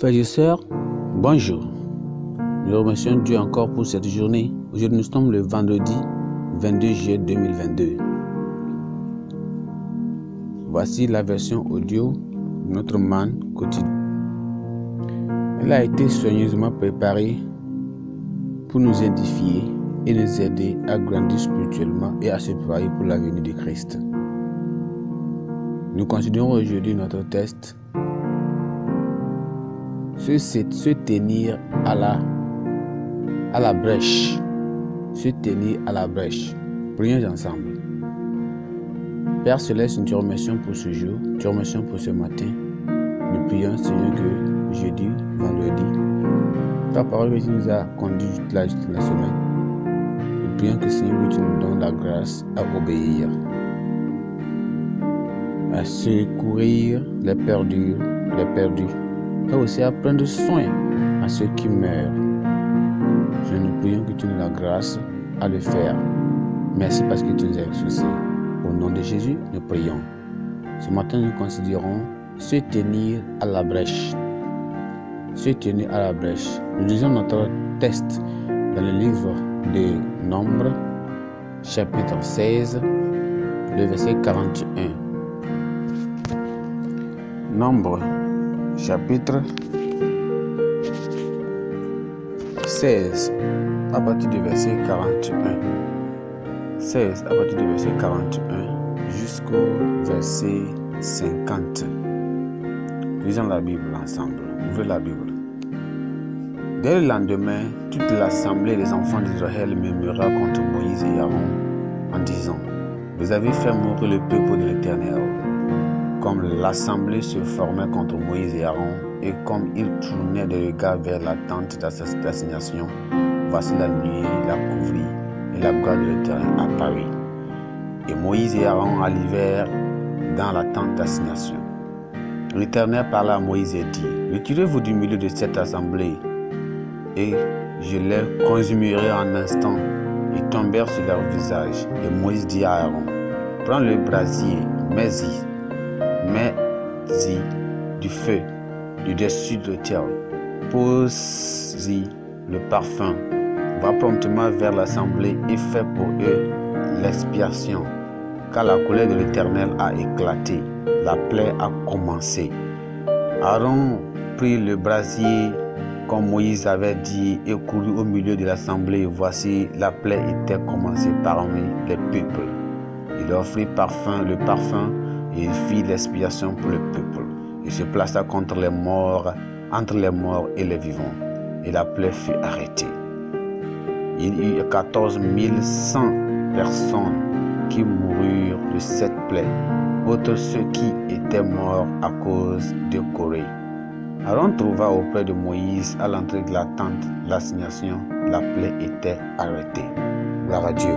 Frères bonjour. Nous remercions Dieu encore pour cette journée. Aujourd'hui, nous sommes le vendredi 22 juillet 2022. Voici la version audio de notre manne quotidien. Elle a été soigneusement préparée pour nous édifier et nous aider à grandir spirituellement et à se préparer pour la venue de Christ. Nous continuons aujourd'hui notre test se, se tenir à la, à la brèche. Se tenir à la brèche. Prions ensemble. Père Céleste, nous te remercions pour ce jour, nous te remercions pour ce matin. Nous prions, Seigneur, que jeudi, vendredi, ta parole que nous a conduit toute la, la semaine. Nous prions que, Seigneur, que tu nous donnes la grâce à obéir à secourir les perdus, les perdus aussi à prendre soin à ceux qui meurent. Je nous prions que tu nous la grâce à le faire. Merci parce que tu nous as exaucés. Au nom de Jésus, nous prions. Ce matin, nous considérons se tenir à la brèche. Se tenir à la brèche. Nous lisons notre texte dans le livre des Nombres, chapitre 16, le verset 41. Nombre chapitre 16 à partir du verset 41. 16 à partir du verset 41 jusqu'au verset 50. Lisons la Bible ensemble. Ouvrez la Bible. Dès le lendemain, toute l'assemblée des enfants d'Israël murmura contre Moïse et Aaron en disant, Vous avez fait mourir le peuple de l'Éternel comme l'assemblée se formait contre Moïse et Aaron, et comme ils tournaient des regards vers la tente d'assignation, voici la nuit, la couvrit, et la gloire de l'Éternel apparut. Et Moïse et Aaron arrivèrent dans la tente d'assignation. L'Éternel parla à Moïse et dit, Retirez-vous du milieu de cette assemblée, et je les consumerai en instant. Ils tombèrent sur leur visage, et Moïse dit à Aaron, Prends le brasier, mais y mets y du feu du dessus de l'autel. Pose-y le parfum. Va promptement vers l'assemblée et fais pour eux l'expiation. Car la colère de l'Éternel a éclaté, la plaie a commencé. Aaron prit le brasier comme Moïse avait dit et courut au milieu de l'assemblée. Voici, la plaie était commencée parmi les peuples. Il offrit parfum, le parfum il fit l'expiation pour le peuple. Il se plaça contre les morts, entre les morts et les vivants. Et la plaie fut arrêtée. Il y eut 14 100 personnes qui moururent de cette plaie, autres ceux qui étaient morts à cause de Corée. Aaron trouva auprès de Moïse à l'entrée de la tente l'assignation. La plaie était arrêtée. Gloire à Dieu.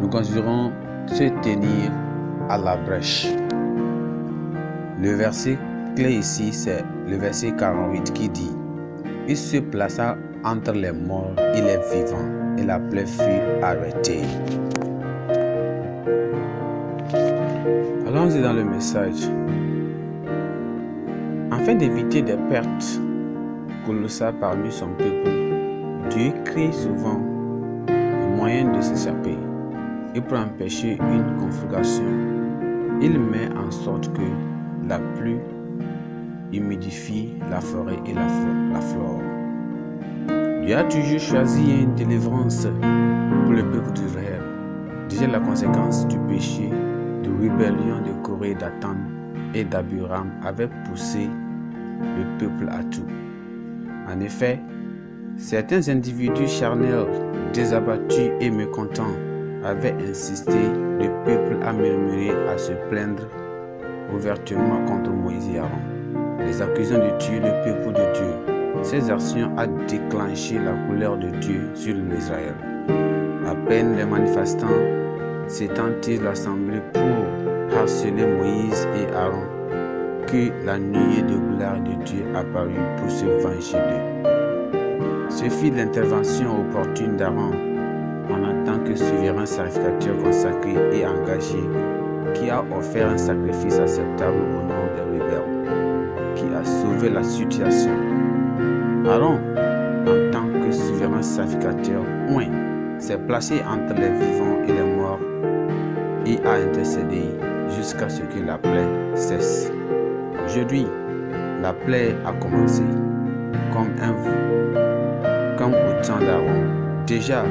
Nous considérons se tenir à la brèche. Le verset clé ici, c'est le verset 48 qui dit Il se plaça entre les morts et les vivants, et la plaie fut arrêtée. Allons-y dans le message. Afin d'éviter des pertes colossales parmi son peuple, Dieu crée souvent le moyen de s'échapper et pour empêcher une conflagration il met en sorte que la pluie humidifie la forêt et la, flore. Il a toujours choisi une délivrance pour le peuple d'Israël. Déjà la conséquence du péché, de rébellion de Corée, d'Atan et d'Abiram avait poussé le peuple à tout. En effet, certains individus charnels, désabattus et mécontents avait insisté, le peuple a murmuré à se plaindre ouvertement contre Moïse et Aaron, les accusant de tuer le peuple de Dieu. Ces actions ont déclenché la couleur de Dieu sur l'Israël. À peine les manifestants s'étant-ils rassemblés pour harceler Moïse et Aaron, que la nuée de gloire de Dieu apparut pour se venger d'eux. Ce fut l'intervention opportune d'Aaron que souverain sacrificateur consacré et engagé qui a offert un sacrifice acceptable au nom des rebelles, qui a sauvé la situation. Aaron, en tant que souverain sacrificateur, oui, s'est placé entre les vivants et les morts et a intercédé jusqu'à ce que la plaie cesse. Aujourd'hui, la plaie a commencé, comme, un, comme au temps d'Aaron. Déjà,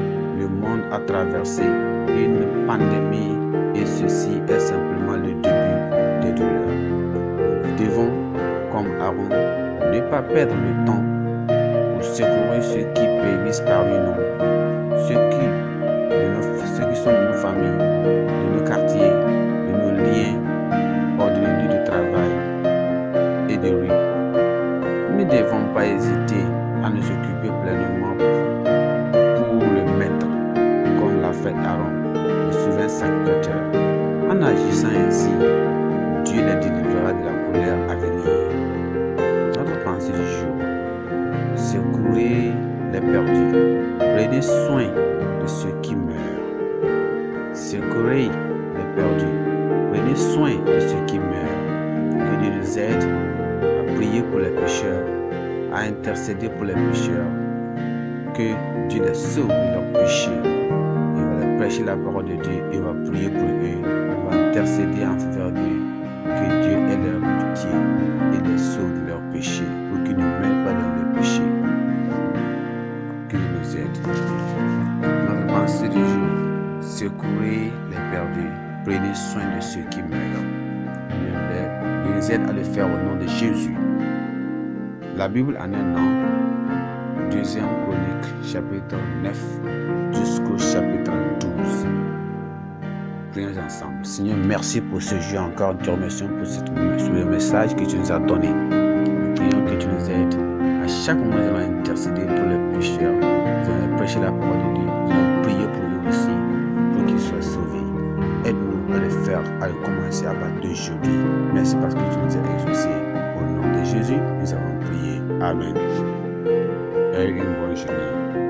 à traverser une pandémie et ceci est simplement le début des douleurs. Nous devons, comme avant, ne pas perdre le temps pour secourir ceux qui périssent parmi nous, ceux qui, sont de nos familles, de nos quartiers, de nos liens, hors de nos de travail et de rue. Nous ne devons pas hésiter à nous occuper pleinement Aaron, le souverain sacrificateur. En agissant ainsi, Dieu les délivrera de la colère à venir. Notre pensée du jour, secourez les perdus, prenez soin de ceux qui meurent. Secourez les perdus, prenez soin de ceux qui meurent. Que Dieu nous aide à prier pour les pécheurs, à intercéder pour les pécheurs. Que Dieu les sauve de leurs péchés la parole de Dieu et va prier pour eux, va intercéder en faveur d'eux, que Dieu ait leur pitié et les sauve de leurs péchés, pour qu'ils ne mettent pas dans le péché. Dieu nous aide. Notre pensée du jour, secourez les perdus, prenez soin de ceux qui meurent. Il les aide à le faire au nom de Jésus. La Bible en un an, deuxième chronique, chapitre 9 jusqu'au chapitre 9 ensemble. Seigneur, merci pour ce jour encore. Dieu remercions pour ce message que tu nous as donné. Nous prions que tu nous aides. À chaque moment, nous allons intercéder pour les pécheurs. Nous allons prêcher la parole de Dieu. Nous allons prier pour eux aussi, pour qu'ils soient sauvés. Aide-nous à le faire, à le commencer à partir d'aujourd'hui. Merci parce que tu nous as exaucés. Au nom de Jésus, nous avons prié. Amen. Et